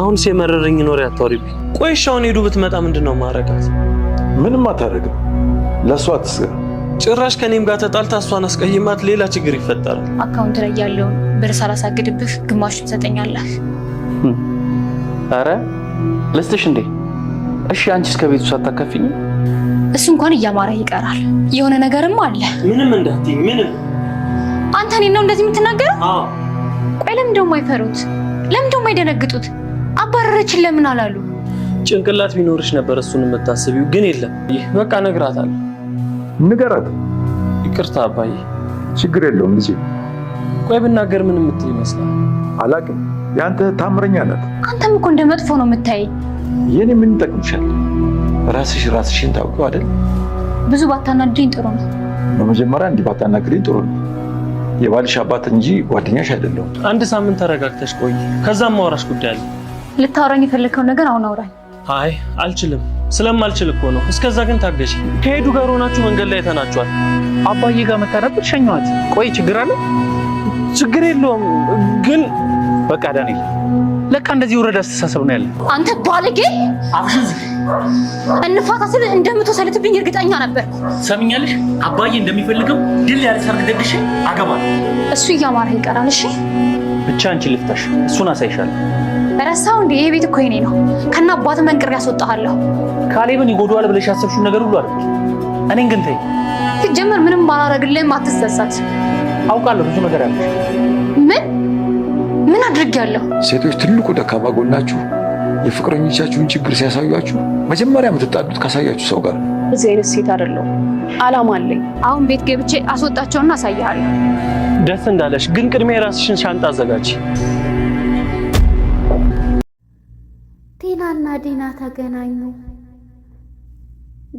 አሁን ሲመረረኝ ኖር ያታወሪብኝ። ቆይ እሺ፣ አሁን ሄዱ ብትመጣ ምንድን ነው ማረጋት? ምንም አታደርግም። ለእሷ አትስገር። ጭራሽ ከኔም ጋር ተጣልታ እሷን አስቀይማት ሌላ ችግር ይፈጠራል። አካውንት ላይ ያለውን ብር ሳላሳግድብህ ግማሹ ትሰጠኛለህ። አረ ልስጥሽ እንዴ? እሺ፣ አንቺ እስከ ቤቱ ሳታከፍኝ እሱ እንኳን እያማረ ይቀራል። የሆነ ነገርም አለ። ምንም እንዳትይኝ። ምንም አንተ እኔን ነው እንደዚህ የምትናገረው? ቆይ ለምን ደሞ አይፈሩት? ለምን ደሞ አይደነግጡት? አባረረችን ለምን አላሉ? ጭንቅላት ቢኖርሽ ነበር እሱን የምታስቢው፣ ግን የለም። ይህ በቃ እነግራታለሁ። ንገራት። ይቅርታ አባዬ። ችግር የለውም ልጄ። ቆይ ብናገር ምን የምትል ይመስላል? አላቅም። የአንተ ታምረኛ ናት። አንተም እኮ እንደ መጥፎ ነው የምታይ። የኔ ምን ይጠቅምሻል? ራስሽ ራስሽን ታውቂው አይደል? ብዙ ባታናግሪኝ ጥሩ ነው። በመጀመሪያ እንዲህ ባታናግሪኝ ጥሩ ነው። የባልሽ አባት እንጂ ጓደኛሽ አይደለሁም። አንድ ሳምንት ተረጋግተሽ ቆይ፣ ከዛም ማውራሽ ጉዳይ አለ። ልታወራኝ የፈለግከው ነገር አሁን አውራኝ። አይ አልችልም። ስለማልችል እኮ ነው። እስከዛ ግን ታገሽ። ከሄዱ ጋር ሆናችሁ መንገድ ላይ ተናችኋል። አባዬ ጋር መታ ሸኘዋት። ቆይ ችግር አለ? ችግር የለውም ግን በቃ ዳንኤል፣ ለካ እንደዚህ ውረድ አስተሳሰብ ነው ያለ። አንተ ባለጌ! አብሽዝ እንፋታ ስል እንደምትወሰልትብኝ እርግጠኛ ነበር። ሰምኛለሽ? አባዬ እንደሚፈልገው ድል ያለ ሰርግ ደግሼ አገባለሁ። እሱ እያማረ ይቀራል። እሺ፣ ብቻ አንቺ ልፍታሽ፣ እሱን አሳይሻለሁ። ረሳው እንዴ? ይሄ ቤት እኮ የኔ ነው። ከና አባት መንቅር ያስወጣሃለሁ። ካሌብን ይጎዳዋል ብለሽ ያሰብሽውን ነገር ሁሉ አድርጊ። እኔን ግን ተይ። ሲጀመር ምንም ባላረግልህም አትሰሳት። አውቃለሁ ብዙ ነገር ያለሽ። ምን ምን አድርጌያለሁ? ሴቶች ትልቁ ደካማ ጎናችሁ የፍቅረኞቻችሁን ችግር ሲያሳያችሁ መጀመሪያ የምትጣዱት ካሳያችሁ ሰው ጋር። እዚህ አይነት ሴት አይደለሁም። አላማ አለኝ። አሁን ቤት ገብቼ አስወጣቸውና አሳያለሁ። ደስ እንዳለሽ ግን ቅድሜ የራስሽን ሻንጣ አዘጋጅ። ዲና ተገናኙ።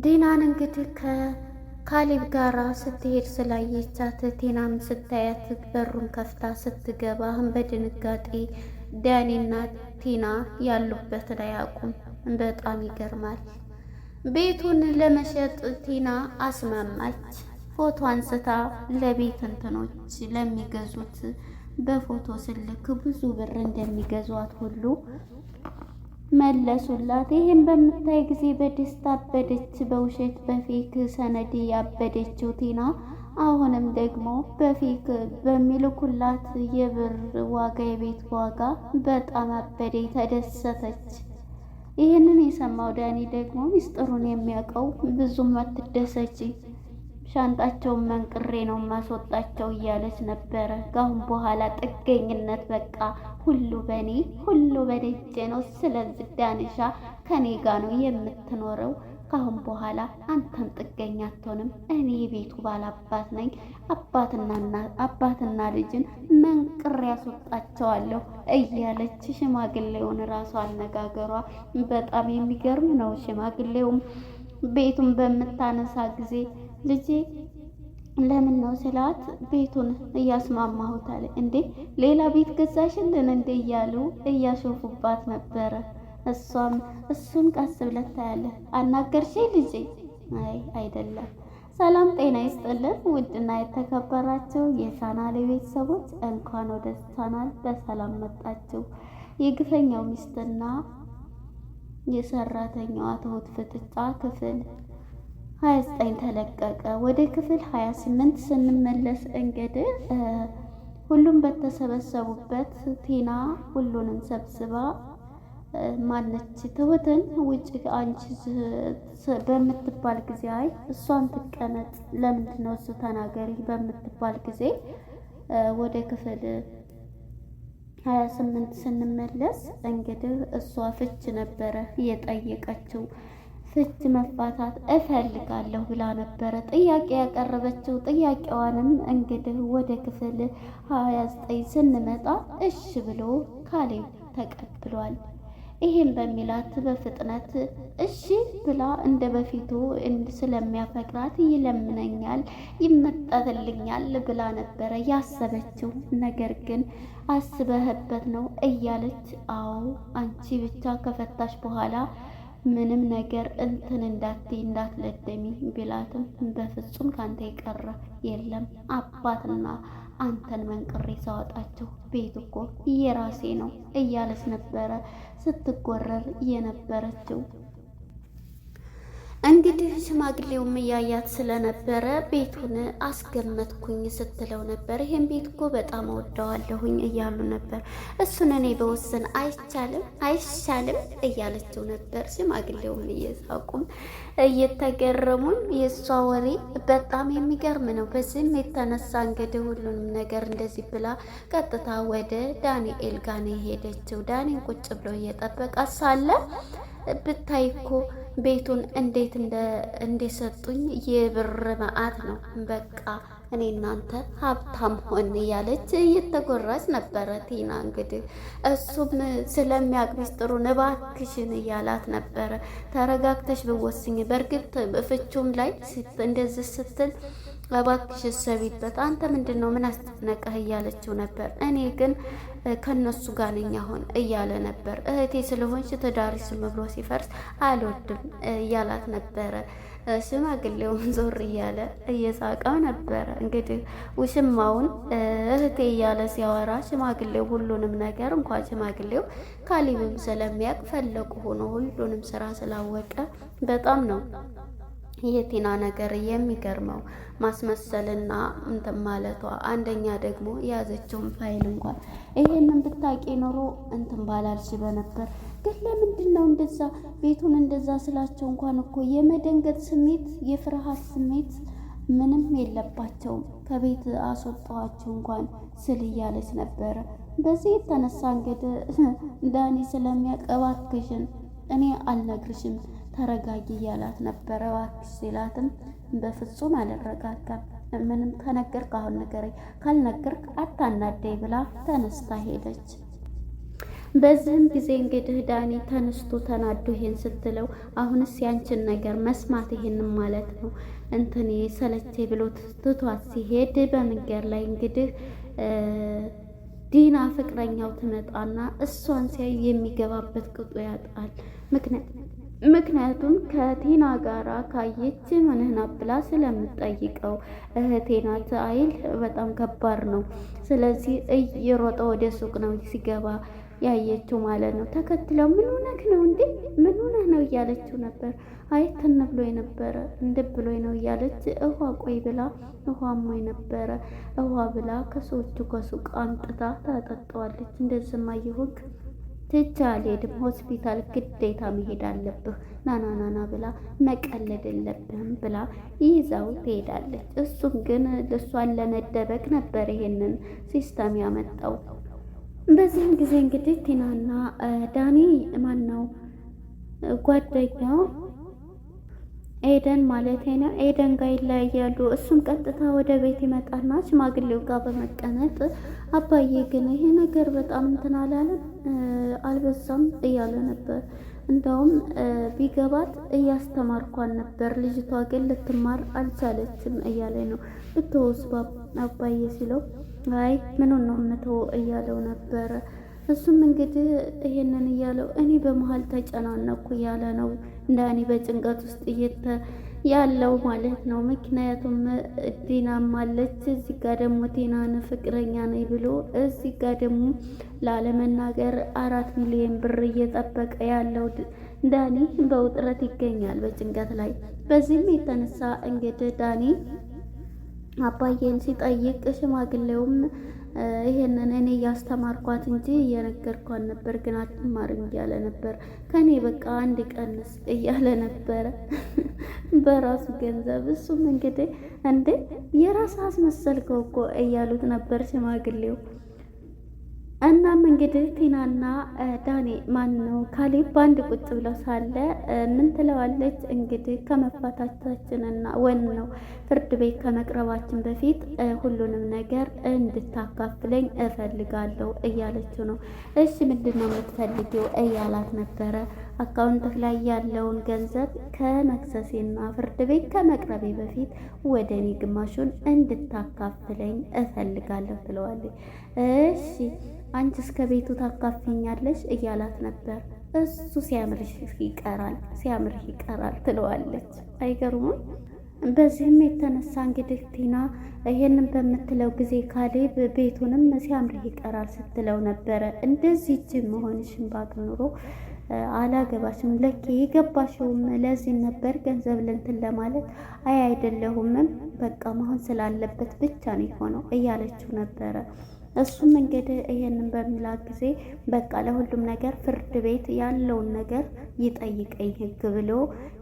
ዲናን እንግዲህ ከካሊብ ጋር ስትሄድ ስላየቻት ቴናም ስታያት በሩን ከፍታ ስትገባ በድንጋጤ ዳኒና ቲና ላይ አቁም በጣም ይገርማል። ቤቱን ለመሸጥ ቲና አስማማች። ፎቶ አንስታ ለቤት እንትኖች ለሚገዙት በፎቶ ስልክ ብዙ ብር እንደሚገዟት ሁሉ መለሱላት። ይህም በምታይ ጊዜ በደስታ አበደች። በውሸት በፌክ ሰነድ ያበደችው ቲና አሁንም ደግሞ በፌክ በሚልኩላት የብር ዋጋ የቤት ዋጋ በጣም አበዴ ተደሰተች። ይህንን የሰማው ዳኒ ደግሞ ሚስጥሩን የሚያውቀው ብዙም አትደሰች ሻንጣቸውን መንቅሬ ነው ማስወጣቸው እያለች ነበረ። ካሁን በኋላ ጥገኝነት በቃ ሁሉ በኔ ሁሉ በደጄ ነው። ስለዚህ ዳንሻ ከኔ ጋ ነው የምትኖረው። ካሁን በኋላ አንተም ጥገኛ አትሆንም። እኔ የቤቱ ባላባት ነኝ። አባትና ልጅን መንቅሬ ያስወጣቸዋለሁ እያለች ሽማግሌውን ራሱ አነጋገሯ በጣም የሚገርም ነው። ሽማግሌውም ቤቱን በምታነሳ ጊዜ ልጄ ለምን ነው ስላት ቤቱን እያስማማሁታል እንዴ ሌላ ቤት ገዛሽልን እንዴ እያሉ እያሾፉባት ነበረ። እሷም እሱን ቀስ ብለት ታያለህ አናገርሽ ልጄ አይ አይደለም። ሰላም ጤና ይስጥልን ውድና የተከበራችሁ የቻናሌ ቤተሰቦች እንኳን ወደ ቻናል በሰላም መጣችሁ። የግፈኛው ሚስትና የሰራተኛዋ ትሁት ፍጥጫ ክፍል 29 ተለቀቀ። ወደ ክፍል 28 ስንመለስ እንግዲህ ሁሉም በተሰበሰቡበት ቴና ሁሉንም ሰብስባ ማነች ትሁትን ውጭ አንቺ በምትባል ጊዜ አይ እሷን ትቀመጥ ለምንድን ነው እሱ ተናገሪ በምትባል ጊዜ ወደ ክፍል ሀያ ስምንት ስንመለስ እንግዲህ እሷ ፍች ነበረ የጠየቀችው። ፍች መፋታት እፈልጋለሁ ብላ ነበረ ጥያቄ ያቀረበችው። ጥያቄዋንም እንግዲህ ወደ ክፍል ሀያ ዘጠኝ ስንመጣ እሽ ብሎ ካሌብ ተቀብሏል። ይህም በሚላት በፍጥነት እሺ ብላ እንደ በፊቱ ስለሚያፈቅራት ይለምነኛል፣ ይመጠትልኛል ብላ ነበረ ያሰበችው። ነገር ግን አስበህበት ነው እያለች አዎ አንቺ ብቻ ከፈታሽ በኋላ ምንም ነገር እንትን እንዳት እንዳትለደሚ ቢላትም በፍጹም ካንተ የቀረ የለም አባትና አንተን መንቅሬ ሳወጣቸው ቤት እኮ የራሴ ነው እያለች ነበረ ስትጎረር የነበረችው። እንግዲህ ሽማግሌውም እያያት ስለነበረ ቤቱን አስገመትኩኝ ስትለው ነበር። ይህን ቤት እኮ በጣም ወደዋለሁኝ እያሉ ነበር። እሱን እኔ በወሰን አይቻልም አይሻልም እያለችው ነበር። ሽማግሌውም እየሳቁም እየተገረሙም የእሷ ወሬ በጣም የሚገርም ነው። በዚህም የተነሳ እንግዲህ ሁሉንም ነገር እንደዚህ ብላ ቀጥታ ወደ ዳንኤል ጋር ነው የሄደችው። ዳንኤል ቁጭ ብሎ እየጠበቃ ሳለ ብታይ እኮ ቤቱን እንዴት እንደሰጡኝ የብር መዓት ነው። በቃ እኔ እናንተ ሀብታም ሆን እያለች እየተጎራች ነበረ ቲና። እንግዲህ እሱም ስለሚያውቅ ሚስጥሩን እባክሽን እያላት ነበረ። ተረጋግተሽ ብወስኝ። በእርግጥ ፍቹም ላይ እንደዚህ ስትል እባክሽ እሰቢበት፣ አንተ ምንድን ነው ምን አስጨነቀህ እያለችው ነበር። እኔ ግን ከነሱ ጋር ነኝ አሁን እያለ ነበር። እህቴ ስለሆንሽ ትዳርሽ ብሎ ሲፈርስ አልወድም እያላት ነበረ። ሽማግሌውን ዞር እያለ እየሳቀው ነበረ። እንግዲህ ውሽማውን እህቴ እያለ ሲያወራ ሽማግሌው ሁሉንም ነገር እንኳን ሽማግሌው ካሊብም ስለሚያውቅ ፈለቁ ሆኖ ሁሉንም ስራ ስላወቀ በጣም ነው የቲና ነገር የሚገርመው ማስመሰልና እንትን ማለቷ፣ አንደኛ ደግሞ የያዘችውን ፋይል እንኳን ይሄንን ብታቂ ኖሮ እንትን ባላልሽ በነበር። ግን ለምንድን ነው እንደዛ ቤቱን እንደዛ ስላቸው እንኳን እኮ የመደንገጥ ስሜት የፍርሃት ስሜት ምንም የለባቸውም። ከቤት አስወጣኋቸው እንኳን ስል እያለች ነበረ። በዚህ የተነሳ እንግዲህ ዳኒ ስለሚያቀባክሽን እኔ አልነግርሽም ተረጋጊ እያላት ነበረ። እባክሽ ሲላትም በፍጹም አልረጋጋም። ምንም ከነገርክ አሁን ንገረኝ፣ ካልነገርክ አታናደይ ብላ ተነስታ ሄደች። በዚህም ጊዜ እንግዲህ ዳኒ ተነስቶ ተናዶ ይሄን ስትለው አሁንስ ያንችን ነገር መስማት ይሄን ማለት ነው እንትን ሰለቼ ብሎ ትቷት ሲሄድ በመንገድ ላይ እንግዲህ ዲና ፍቅረኛው ትመጣና እሷን ሲያይ የሚገባበት ቅጡ ያጣል ምክንያት ምክንያቱም ከቴና ጋር ካየች ምንህን አብላ ስለምጠይቀው እህቴ ናት አይል በጣም ከባድ ነው። ስለዚህ እየሮጠ ወደ ሱቅ ነው ሲገባ ያየችው ማለት ነው። ተከትለው ምን ሆነህ ነው እንዴ? ምን ሆነህ ነው እያለችው ነበር። አይ ትን ብሎ ነበረ እንድ ብሎ ነው እያለች እኋ ቆይ ብላ እኋ ሞይ ነበረ እኋ ብላ ከሰዎቹ ከሱቅ አንጥታ ታጠጠዋለች። እንደዝማ ይሁግ ትቻ አልሄድም፣ ሆስፒታል ግዴታ መሄድ አለብህ ናናናና ብላ መቀለድ የለብህም ብላ ይዛው ትሄዳለች። እሱም ግን እሷን ለመደበቅ ነበር ይሄንን ሲስተም ያመጣው። በዚህም ጊዜ እንግዲህ ቲናና ዳኒ ማን ነው ጓደኛው ኤደን ማለት ነው። ኤደን ጋር ይለያያሉ። እሱም ቀጥታ ወደ ቤት ይመጣና ሽማግሌው ጋር በመቀመጥ አባዬ ግን ይሄ ነገር በጣም እንትን አላለም አልበዛም እያለ ነበር። እንደውም ቢገባት እያስተማርኳን ነበር፣ ልጅቷ ግን ልትማር አልቻለችም እያለ ነው። ብትወስ አባዬ ሲለው አይ ምን ነው ምተው እያለው ነበረ። እሱም እንግዲህ ይሄንን እያለው እኔ በመሀል ተጨናነኩ እያለ ነው። እንደ እኔ በጭንቀት ውስጥ እየተ ያለው ማለት ነው። ምክንያቱም ዲናም አለች እዚህ ጋር ደግሞ ቲናን ፍቅረኛ ነኝ ብሎ እዚህ ጋር ደግሞ ላለመናገር አራት ሚሊዮን ብር እየጠበቀ ያለው ዳኒ በውጥረት ይገኛል፣ በጭንቀት ላይ። በዚህም የተነሳ እንግዲህ ዳኒ አባዬን ሲጠይቅ ሽማግሌውም ይሄንን እኔ እያስተማርኳት እንጂ እየነገርኳን ነበር፣ ግን አትማርም እያለ ነበር። ከኔ በቃ አንድ ቀንስ እያለ ነበረ በራሱ ገንዘብ። እሱም እንግዲህ እንዴ የራስ አስመሰልከው እኮ እያሉት ነበር ሽማግሌው። እናም እንግዲህ ቲናና ዳኔ ማን ነው ካሌብ በአንድ ቁጭ ብለው ሳለ ምን ትለዋለች? እንግዲህ ከመፋታታችንና ወን ነው ፍርድ ቤት ከመቅረባችን በፊት ሁሉንም ነገር እንድታካፍለኝ እፈልጋለሁ እያለችው ነው። እሺ ምንድን ነው የምትፈልጊው እያላት ነበረ አካውንትህ ላይ ያለውን ገንዘብ ከመክሰሴና ፍርድ ቤት ከመቅረቤ በፊት ወደ እኔ ግማሹን እንድታካፍለኝ እፈልጋለሁ ትለዋለች። እሺ አንቺ እስከ ቤቱ ታካፍኛለሽ እያላት ነበር። እሱ ሲያምርሽ ይቀራል፣ ሲያምርሽ ይቀራል ትለዋለች። አይገርሙም? በዚህም የተነሳ እንግዲህ ቲና ይሄንን በምትለው ጊዜ ካሌብ ቤቱንም ሲያምርህ ይቀራል ስትለው ነበረ። እንደዚህ እጅ መሆንሽን ባቅ ኑሮ አላገባሽም ለኬ የገባሽውም ለዚህ ነበር ገንዘብ ልንትን ለማለት አይ አይደለሁምም በቃ መሆን ስላለበት ብቻ ነው የሆነው እያለችው ነበረ። እሱም እንግዲህ ይሄንን በሚላት ጊዜ በቃ ለሁሉም ነገር ፍርድ ቤት ያለውን ነገር ይጠይቀኝ ህግ ብሎ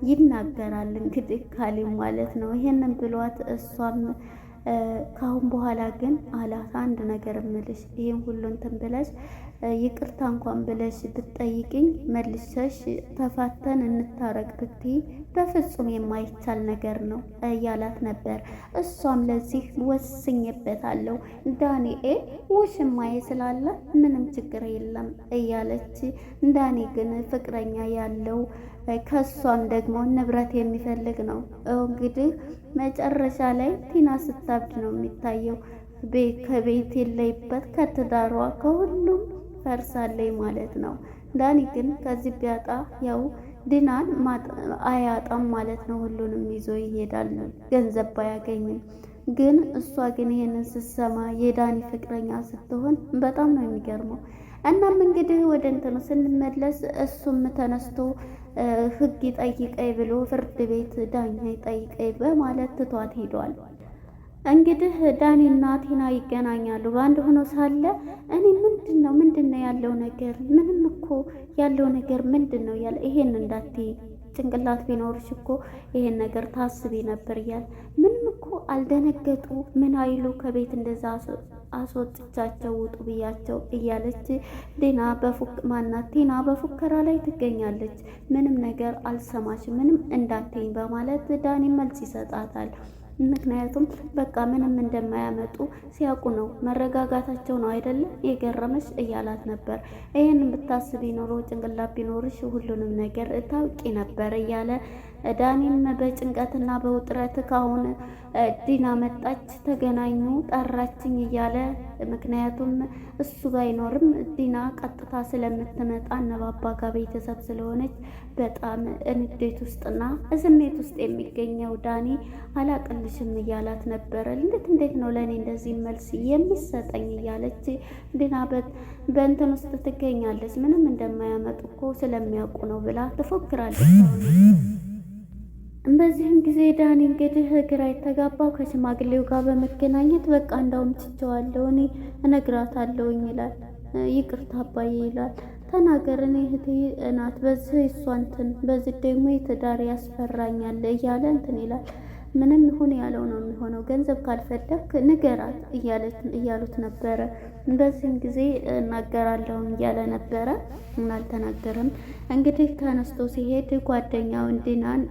ይናገራል። እንግዲህ ካሌብ ማለት ነው። ይሄንን ብሏት እሷም ካሁን በኋላ ግን አላት አንድ ነገር እምልሽ ይህን ሁሉ እንትን ብለሽ ይቅርታ እንኳን ብለሽ ብትጠይቅኝ መልሰሽ ተፋተን እንታረቅ ብትይ በፍጹም የማይቻል ነገር ነው እያላት ነበር። እሷም ለዚህ ወስኜበታለሁ ዳንኤል ውሽማዬ ስላለ ምንም ችግር የለም እያለች ዳኒ ግን ፍቅረኛ ያለው ከሷም ደግሞ ንብረት የሚፈልግ ነው። እንግዲህ መጨረሻ ላይ ቲና ስታብድ ነው የሚታየው። ከቤት የለይበት ከትዳሯ ከሁሉም ፈርሳለይ ማለት ነው። ዳኒ ግን ከዚህ ቢያጣ ያው ድናን አያጣም ማለት ነው። ሁሉንም ይዞ ይሄዳል። ገንዘብ ባያገኝም ግን እሷ ግን ይህንን ስትሰማ የዳኒ ፍቅረኛ ስትሆን በጣም ነው የሚገርመው። እናም እንግዲህ ወደ እንትኑ ስንመለስ እሱም ተነስቶ ሕግ ይጠይቀኝ ብሎ ፍርድ ቤት ዳኛ ይጠይቀኝ በማለት ትቷት ሄዷል። እንግዲህ ዳኒና ቲና ይገናኛሉ። በአንድ ሆኖ ሳለ እኔ ምንድን ነው ምንድን ነው ያለው ነገር ምንም እኮ ያለው ነገር ምንድን ነው ያለ ይሄን እንዳትዪ ጭንቅላት ቢኖርሽ እኮ ይሄን ነገር ታስቢ ነበር እያለ ምንም እኮ አልደነገጡ ምን አይሉ ከቤት እንደዛ አስወጥቻቸው ውጡ ብያቸው እያለች ዲና በፉክ ማናት ቲና በፉከራ ላይ ትገኛለች። ምንም ነገር አልሰማሽ ምንም እንዳትኝ በማለት ዳኒ መልስ ይሰጣታል። ምክንያቱም በቃ ምንም እንደማያመጡ ሲያውቁ ነው መረጋጋታቸው ነው አይደለም የገረመሽ እያላት ነበር። ይህን ብታስብ ኖሮ ጭንቅላት ቢኖርሽ ሁሉንም ነገር ታውቂ ነበር እያለ ዳኒም በጭንቀትና በውጥረት ካሁን ዲና መጣች፣ ተገናኙ፣ ጠራችኝ እያለ ምክንያቱም እሱ ባይኖርም ዲና ቀጥታ ስለምትመጣ እነባባ ጋ ቤተሰብ ስለሆነች በጣም እንዴት ውስጥና ስሜት ውስጥ የሚገኘው ዳኒ አላቅልሽም እያላት ነበረ። እንዴት እንዴት ነው ለእኔ እንደዚህ መልስ የሚሰጠኝ እያለች ዲና በእንትን ውስጥ ትገኛለች። ምንም እንደማያመጡ እኮ ስለሚያውቁ ነው ብላ ትፎክራለች። በዚህም ጊዜ ዳኒ እንግዲህ ግራ የተጋባው ከሽማግሌው ጋር በመገናኘት በቃ እንዳውም ትቼዋለሁ እኔ እነግራታለሁኝ ይላል። ይቅርታ አባዬ ይላል። ተናገር እኔ እህቴ እናት በዚህ እሷ እንትን በዚህ ደግሞ የትዳር ያስፈራኛል እያለ እንትን ይላል። ምንም ይሁን ያለው ነው የሚሆነው። ገንዘብ ካልፈለክ ንገራት እያሉት ነበረ። በዚህም ጊዜ እናገራለሁም እያለ ነበረ፣ አልተናገረም። እንግዲህ ተነስቶ ሲሄድ ጓደኛው እንዲናን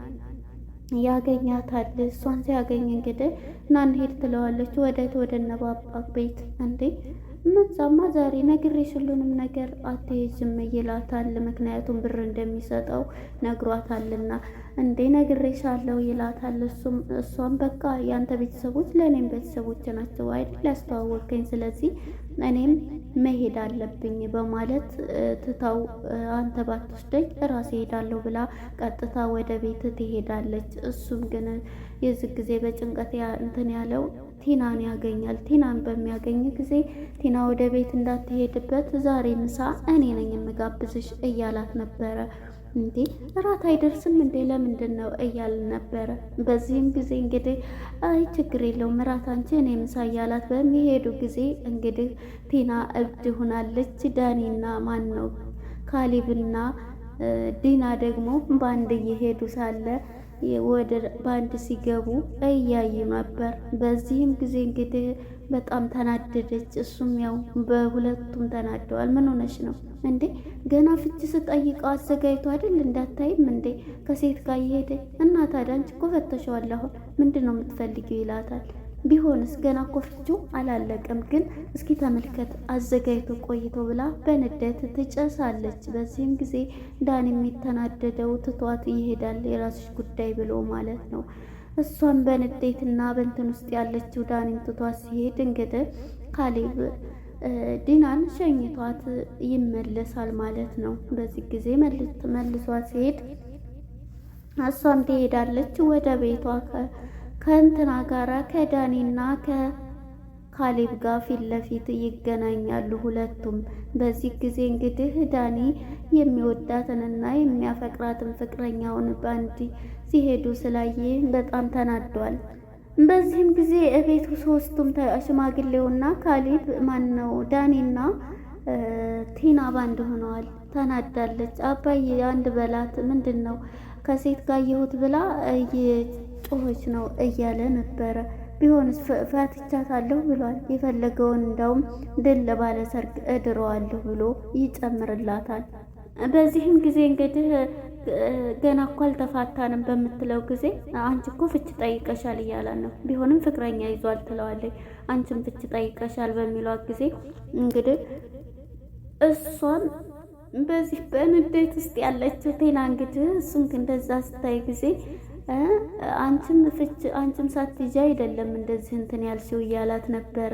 ያገኛታል። እሷን ሲያገኝ እንግዲህ ና እንሂድ ትለዋለች። ወደ ወደ ነባባ ቤት እንዴ ምንዛማ ዛሬ ነግሬሽ ሁሉንም ነገር አትሄጂም ይላታል። ምክንያቱም ብር እንደሚሰጠው ነግሯታልና እንዴ ነግሬሻለሁ ይላታል። እሱም እሷም በቃ ያንተ ቤተሰቦች ለእኔም ቤተሰቦች ናቸው አይደል ያስተዋወቅከኝ፣ ስለዚህ እኔም መሄድ አለብኝ በማለት ትታው አንተ ባትወስደኝ እራሴ ሄዳለሁ ብላ ቀጥታ ወደ ቤት ትሄዳለች። እሱም ግን የዚህ ጊዜ በጭንቀት እንትን ያለው ቲናን ያገኛል። ቲናን በሚያገኝ ጊዜ ቲና ወደ ቤት እንዳትሄድበት ዛሬ ምሳ እኔ ነኝ የምጋብዝሽ እያላት ነበረ። እንዴ እራት አይደርስም እንዴ ለምንድን ነው እያል ነበረ። በዚህም ጊዜ እንግዲህ አይ ችግር የለውም እራት አንቺ እኔ ምሳ እያላት በሚሄዱ ጊዜ እንግዲህ ቲና እብድ ሆናለች። ዳኒና ማን ነው ካሊብና ዲና ደግሞ በአንድ እየሄዱ ሳለ ወደ ባንድ ሲገቡ እያዩ ነበር። በዚህም ጊዜ እንግዲህ በጣም ተናደደች። እሱም ያው በሁለቱም ተናደዋል። ምን ሆነች ነው እንዴ? ገና ፍቺ ስጠይቀው አዘጋጅቶ አይደል እንዳታይም እንዴ ከሴት ጋር የሄደ እና ታዲያ አንቺ እኮ ፈተሸዋል። ምንድን ነው የምትፈልጊው? ይላታል ቢሆንስ ገና እኮ አላለቀም። ግን እስኪ ተመልከት አዘጋጅቶ ቆይቶ ብላ በንዴት ትጨሳለች። በዚህም ጊዜ ዳን የሚተናደደው ትቷት ይሄዳል። የራስሽ ጉዳይ ብሎ ማለት ነው። እሷም በንዴትና በንትን ውስጥ ያለችው ዳኒን ትቷት ሲሄድ እንግዲህ ካሌብ ዲናን ሸኝቷት ይመለሳል ማለት ነው። በዚህ ጊዜ መልሷ ሲሄድ እሷም ትሄዳለች ወደ ቤቷ ከእንትና ጋራ ከዳኒና ከካሌብ ጋር ፊት ለፊት ይገናኛሉ ሁለቱም። በዚህ ጊዜ እንግዲህ ዳኒ የሚወዳትንና የሚያፈቅራትን ፍቅረኛውን ባንድ ሲሄዱ ስላየ በጣም ተናዷል። በዚህም ጊዜ እቤቱ ሶስቱም ሽማግሌውና ካሊብ ማን ነው ዳኒና ቲና ባንድ ሆነዋል። ተናዳለች። አባዬ አንድ በላት ምንድን ነው ከሴት ጋር የሁት ብላ ጩኸች ነው እያለ ነበረ። ቢሆንስ ፈትቻታለሁ ብሏል። የፈለገውን እንዳውም ድል ለባለ ሰርግ እድረዋለሁ ብሎ ይጨምርላታል። በዚህም ጊዜ እንግዲህ ገና እኮ አልተፋታንም በምትለው ጊዜ አንቺ እኮ ፍች ጠይቀሻል እያላት ነው። ቢሆንም ፍቅረኛ ይዟል ትለዋለች። አንቺም ፍች ጠይቀሻል በሚሏት ጊዜ እንግዲህ እሷን በዚህ በንዴት ውስጥ ያለችው ቴና እንግዲህ እሱን እንደዛ ስታይ ጊዜ አንቺም ፍች አንቺም ሳትይጂ አይደለም እንደዚህ እንትን ያልሽው እያላት ነበረ።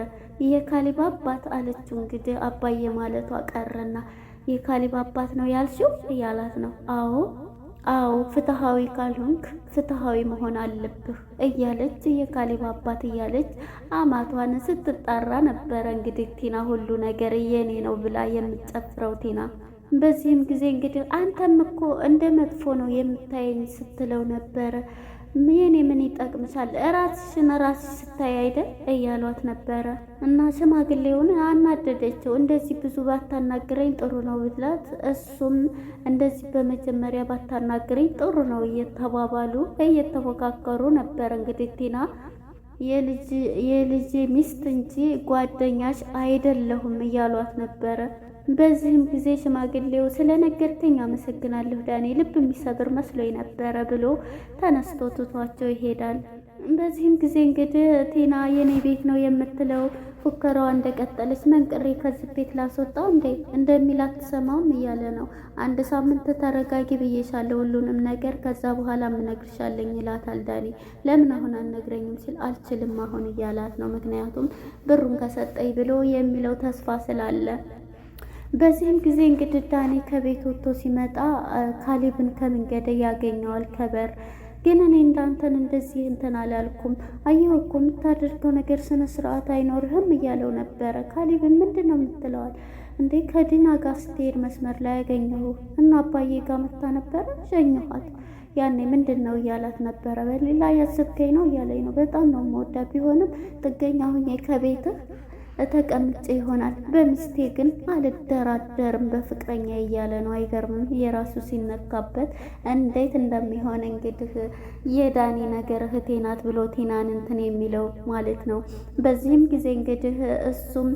የካሊብ አባት አለችው። እንግዲህ አባዬ ማለቷ ቀረና የካሊብ አባት ነው ያልሽው እያላት ነው። አዎ አዎ፣ ፍትሃዊ ካልሆንክ ፍትሃዊ መሆን አለብህ እያለች የካሊብ አባት እያለች አማቷን ስትጣራ ነበረ። እንግዲህ ቲና ሁሉ ነገር የኔ ነው ብላ የምትጨፍረው ቲና በዚህም ጊዜ እንግዲህ አንተም እኮ እንደ መጥፎ ነው የምታየኝ ስትለው ነበረ። የኔ ምን ይጠቅምሻል እራስሽን ራስሽ ስታይ አይደል እያሏት ነበረ። እና ሽማግሌውን አናደደችው። እንደዚህ ብዙ ባታናግረኝ ጥሩ ነው ብላት፣ እሱም እንደዚህ በመጀመሪያ ባታናግረኝ ጥሩ ነው እየተባባሉ እየተፎካከሩ ነበር። እንግዲህ ቲና የልጅ ሚስት እንጂ ጓደኛሽ አይደለሁም እያሏት ነበረ። በዚህም ጊዜ ሽማግሌው ስለነገርከኝ አመሰግናለሁ ዳኔ፣ ልብ የሚሰብር መስሎኝ ነበረ ብሎ ተነስቶ ትቷቸው ይሄዳል። በዚህም ጊዜ እንግዲህ ቴና የኔ ቤት ነው የምትለው ፉከራዋ እንደቀጠለች መንቅሬ ከዚህ ቤት ላስወጣው እንዴ እንደሚል አትሰማውም እያለ ነው። አንድ ሳምንት ተረጋጊ ብዬሻለሁ ሁሉንም ነገር ከዛ በኋላ ምነግርሻለኝ ይላታል ዳኒ። ለምን አሁን አልነግረኝም ሲል አልችልም አሁን እያላት ነው። ምክንያቱም ብሩን ከሰጠኝ ብሎ የሚለው ተስፋ ስላለ በዚህም ጊዜ እንግዲህ ዳኒ ከቤት ወጥቶ ሲመጣ ካሌብን ከመንገድ ያገኘዋል ከበር ግን እኔ እንዳንተን እንደዚህ እንትን አላልኩም። አየሁ እኮ የምታደርገው ነገር ስነ ስርዓት አይኖርህም እያለው ነበረ። ካሌብን ምንድን ነው የምትለዋል እንዴ? ከዲና ጋር ስትሄድ መስመር ላይ ያገኘሁ እና አባዬ ጋር መታ ነበረ ሸኘኋት። ያኔ ምንድን ነው እያላት ነበረ። በሌላ ያስብከኝ ነው እያለኝ ነው። በጣም ነው የምወዳት ቢሆንም ጥገኛ ሁኜ ከቤትህ ተቀምጬ ይሆናል፣ በሚስቴ ግን አልደራደርም በፍቅረኛ እያለ ነው። አይገርምም? የራሱ ሲነካበት እንዴት እንደሚሆን እንግዲህ የዳኒ ነገር እህቴ ናት ብሎ ቲናን እንትን የሚለው ማለት ነው። በዚህም ጊዜ እንግዲህ እሱም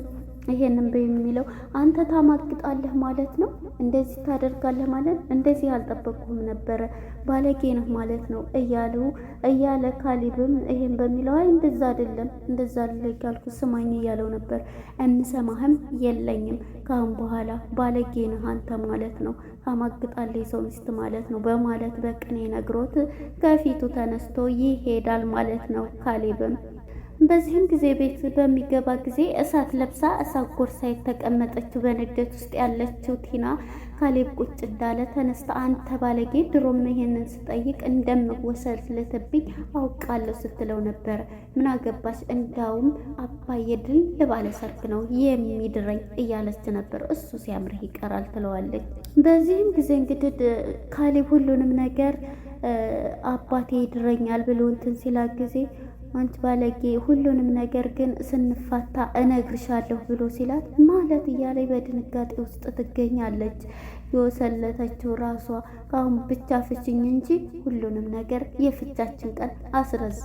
ይሄንን በሚለው አንተ ታማግጣለህ ማለት ነው፣ እንደዚህ ታደርጋለህ ማለት እንደዚህ አልጠበቅኩም ነበረ ባለጌ ነህ ማለት ነው እያሉ እያለ ካሊብም ይሄን በሚለው አይ እንደዛ አይደለም እንደዛ አለ እያልኩ ስማኝ እያለው ነበር። እንሰማህም የለኝም ካሁን በኋላ ባለጌ ነህ አንተ ማለት ነው ታማግጣለህ ሰው ሚስት ማለት ነው በማለት በቅኔ ነግሮት ከፊቱ ተነስቶ ይሄዳል ማለት ነው ካሊብም በዚህም ጊዜ ቤት በሚገባ ጊዜ እሳት ለብሳ እሳት ጎርሳ የተቀመጠችው በንዴት ውስጥ ያለችው ቲና ካሌብ ቁጭ እንዳለ ተነስታ አንተ ባለጌ ድሮም ይሄንን ስጠይቅ እንደምወሰልትብኝ አውቃለሁ ስትለው ነበር። ምን አገባሽ እንዳውም አባዬ ድል ለባለ ሰርግ ነው የሚድረኝ እያለች ነበር። እሱ ሲያምርህ ይቀራል ትለዋለች። በዚህም ጊዜ እንግዲህ ካሌብ ሁሉንም ነገር አባቴ ይድረኛል ብሎ እንትን ሲላ ጊዜ አንቺ ባለጌ ሁሉንም ነገር ግን ስንፋታ እነግርሻለሁ ብሎ ሲላት ማለት እያለኝ በድንጋጤ ውስጥ ትገኛለች። የወሰለተችው ራሷ ካሁን ብቻ ፍችኝ እንጂ ሁሉንም ነገር የፍቻችን ቀን አስረዝ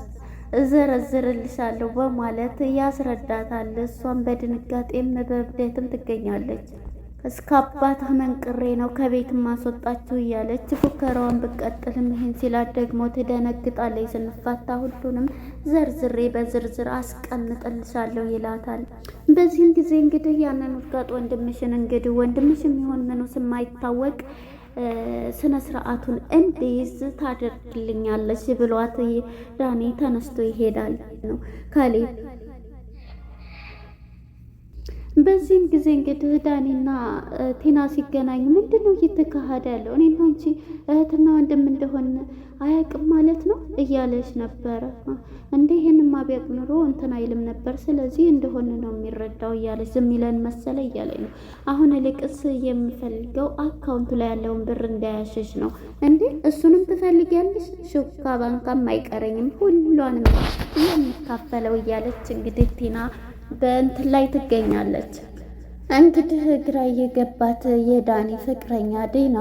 እዘረዝርልሻለሁ በማለት ያስረዳታል። እሷም በድንጋጤም በብደትም ትገኛለች። እስከ አባትህ መንቅሬ ነው ከቤት ማስወጣችሁ እያለች ፉከራዋን ብቀጥልም ይህን ሲላት ደግሞ ትደነግጣለች። ስንፋታ ሁሉንም ዘርዝሬ በዝርዝር አስቀምጥልሻለሁ ይላታል። በዚህን ጊዜ እንግዲህ ያንን ውድጋጥ ወንድምሽን እንግዲህ ወንድምሽ የሚሆን ምኑ ስማይታወቅ ስነ ስርዓቱን እንዲይዝ ታደርግልኛለች ብሏት ዳኔ ተነስቶ ይሄዳል ነው ካሌ በዚህም ጊዜ እንግዲህ ዳኒና ቲና ሲገናኙ ምንድን ነው እየተካሄደ ያለው? እኔ እኔና አንቺ እህትና ወንድም እንደሆን አያውቅም ማለት ነው እያለች ነበረ። እንደ ይህንማ ቢያውቅ ኑሮ እንትን አይልም ነበር፣ ስለዚህ እንደሆን ነው የሚረዳው እያለች ዝም ይለን መሰለ እያለች ነው። አሁን ልቅስ የምፈልገው አካውንቱ ላይ ያለውን ብር እንዳያሸሽ ነው። እንዴ እሱንም ትፈልጊያለሽ? ሹካ ባንካም አይቀረኝም፣ ሁሏንም የምካፈለው እያለች እንግዲህ ቲና በእንትን ላይ ትገኛለች። እንግዲህ ግራ የገባት የዳኒ ፍቅረኛ ዴና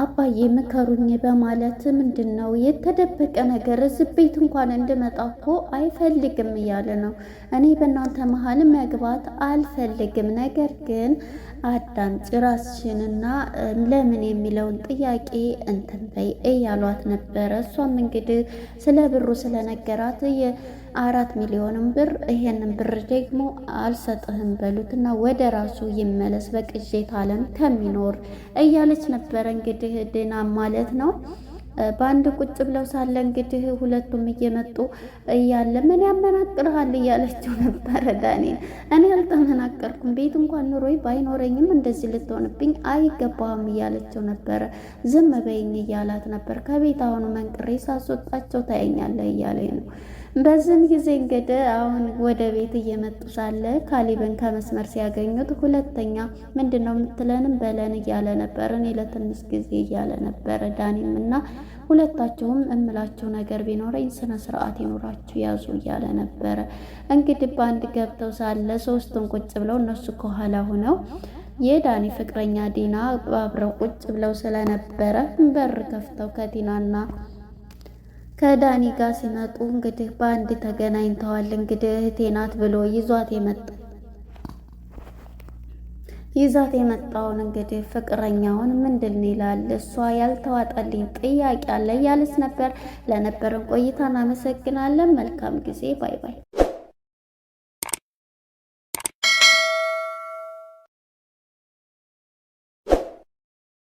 አባዬ ምከሩኝ በማለት ምንድን ነው የተደበቀ ነገር እዚህ ቤት እንኳን እንድመጣ እኮ አይፈልግም እያለ ነው። እኔ በእናንተ መሀል መግባት አልፈልግም፣ ነገር ግን አዳምጪ ራስሽንና ለምን የሚለውን ጥያቄ እንትን በይ እያሏት ነበረ። እሷም እንግዲህ ስለ ብሩ ስለነገራት አራት ሚሊዮንም ብር ይሄንን ብር ደግሞ አልሰጥህም በሉትና ወደ ራሱ ይመለስ በቅዤት ዓለም ከሚኖር እያለች ነበረ እንግዲህ ድና ማለት ነው። በአንድ ቁጭ ብለው ሳለ እንግዲህ ሁለቱም እየመጡ እያለ ምን ያመናቅርሃል እያለችው ነበረ ዳኒ። እኔ አልተመናቀርኩም፣ ቤት እንኳን ኑሮይ ባይኖረኝም እንደዚህ ልትሆንብኝ አይገባህም እያለችው ነበረ። ዝም በይኝ እያላት ነበር። ከቤት አሁኑ መንቅሬ ሳስወጣቸው ታየኛለህ እያለኝ ነው በዚህም ጊዜ እንግዲህ አሁን ወደ ቤት እየመጡ ሳለ ካሊብን ከመስመር ሲያገኙት ሁለተኛ ምንድን ነው የምትለንም በለን እያለ ነበር። እኔ ለትንሽ ጊዜ እያለ ነበረ ዳኒም እና ሁለታቸውም እምላቸው ነገር ቢኖረኝ ስነ ስርዓት ይኖራችሁ ያዙ እያለ ነበረ። እንግዲህ በአንድ ገብተው ሳለ ሶስቱን ቁጭ ብለው እነሱ ከኋላ ሆነው የዳኒ ፍቅረኛ ዲና አብረው ቁጭ ብለው ስለነበረ በር ከፍተው ከዲናና ከዳኒ ጋር ሲመጡ እንግዲህ በአንድ ተገናኝተዋል። እንግዲህ እህቴ ናት ብሎ ይዟት የመጣ ይዛት የመጣውን እንግዲህ ፍቅረኛውን ምንድን ይላል እሷ ያልተዋጠልኝ ጥያቄ አለ እያለች ነበር። ለነበረን ቆይታ እናመሰግናለን። መልካም ጊዜ። ባይ ባይ።